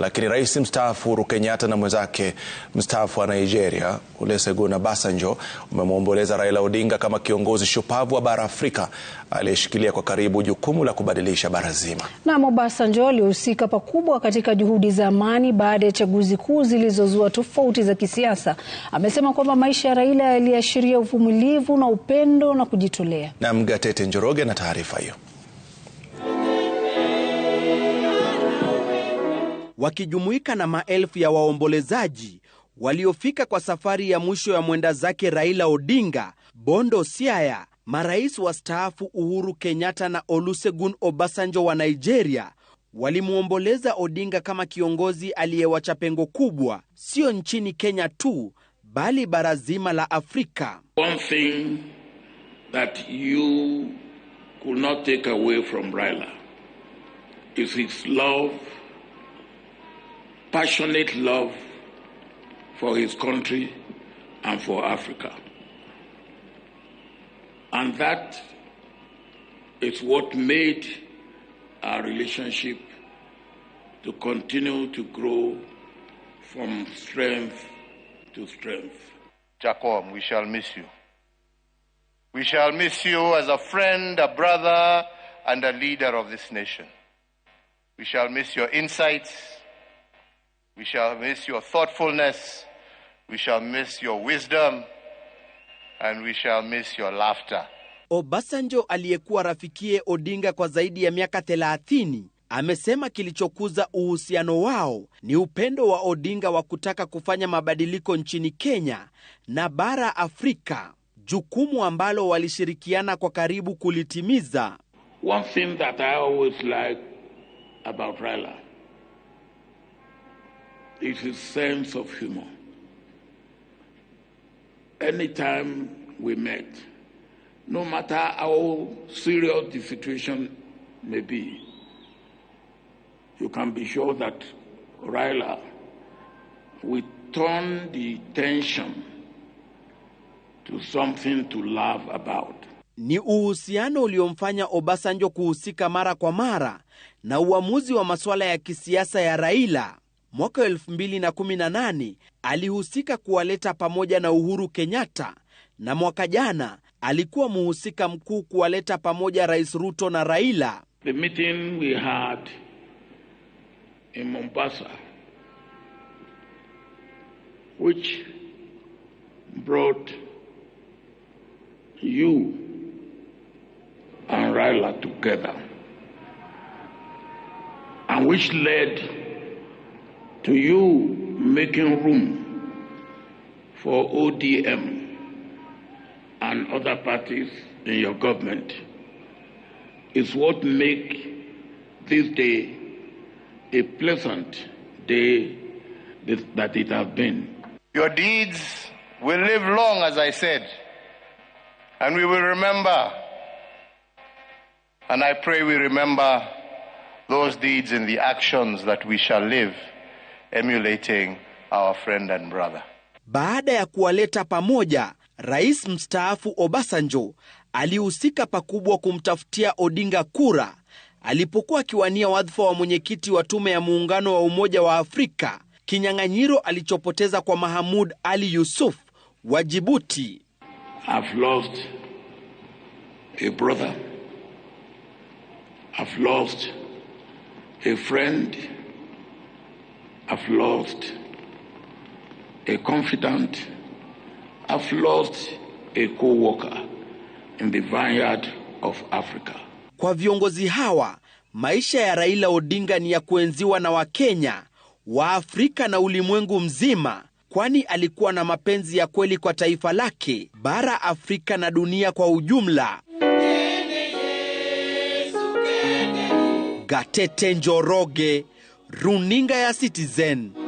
Lakini rais mstaafu Uhuru Kenyatta na mwenzake mstaafu wa Nigeria Olusegun Obasanjo umemwomboleza Raila Odinga kama kiongozi shupavu wa bara Afrika aliyeshikilia kwa karibu jukumu la kubadilisha bara zima. Naam, Obasanjo alihusika pakubwa katika juhudi za amani baada ya chaguzi kuu zilizozua tofauti za kisiasa. Amesema kwamba maisha ya Raila yaliashiria uvumilivu na upendo na kujitolea. Naam, Gatete Njoroge na taarifa hiyo. wakijumuika na maelfu ya waombolezaji waliofika kwa safari ya mwisho ya mwenda zake Raila Odinga, Bondo Siaya, marais wastaafu Uhuru Kenyatta na Olusegun Obasanjo wa Nigeria walimwomboleza Odinga kama kiongozi aliyewacha pengo kubwa, sio nchini Kenya tu, bali bara zima la Afrika. One thing that you could not take away from Raila is his love passionate love for his country and for Africa. And that is what made our relationship to continue to grow from strength to strength. Jacob, we shall miss you. We shall miss you as a friend, a brother, and a leader of this nation. We shall miss your insights, We shall miss your thoughtfulness. We shall miss your wisdom. And we shall miss your laughter. Obasanjo aliyekuwa rafikie Odinga kwa zaidi ya miaka 30 amesema kilichokuza uhusiano wao ni upendo wa Odinga wa kutaka kufanya mabadiliko nchini Kenya na bara Afrika, jukumu ambalo walishirikiana kwa karibu kulitimiza. One thing that I always like about Raila is his sense of humor. Anytime we met, no matter how serious the situation may be, you can be sure that Ryla will turn the tension to something to laugh about. Ni uhusiano uliomfanya Obasanjo kuhusika mara kwa mara na uamuzi wa masuala ya kisiasa ya Raila Mwaka 2018 alihusika kuwaleta pamoja na Uhuru Kenyatta na mwaka jana alikuwa mhusika mkuu kuwaleta pamoja Rais Ruto na Raila. The meeting we had in Mombasa which brought you and Raila together and which led to you making room for ODM and other parties in your government is what make this day a pleasant day that it has been. Your deeds will live long, as I said, and we will remember. And I pray we remember those deeds in the actions that we shall live. emulating our friend and brother. Baada ya kuwaleta pamoja, Rais mstaafu Obasanjo alihusika pakubwa kumtafutia Odinga kura alipokuwa akiwania wadhifa wa mwenyekiti wa tume ya muungano wa Umoja wa Afrika, kinyang'anyiro alichopoteza kwa Mahamud Ali Yusuf wa Jibuti. I've lost a I've lost a confidant, I've lost a co-worker in the vineyard of Africa. Kwa viongozi hawa, maisha ya Raila Odinga ni ya kuenziwa na Wakenya, Waafrika na ulimwengu mzima, kwani alikuwa na mapenzi ya kweli kwa taifa lake, bara Afrika na dunia kwa ujumla. Gatete Njoroge runinga ya Citizen.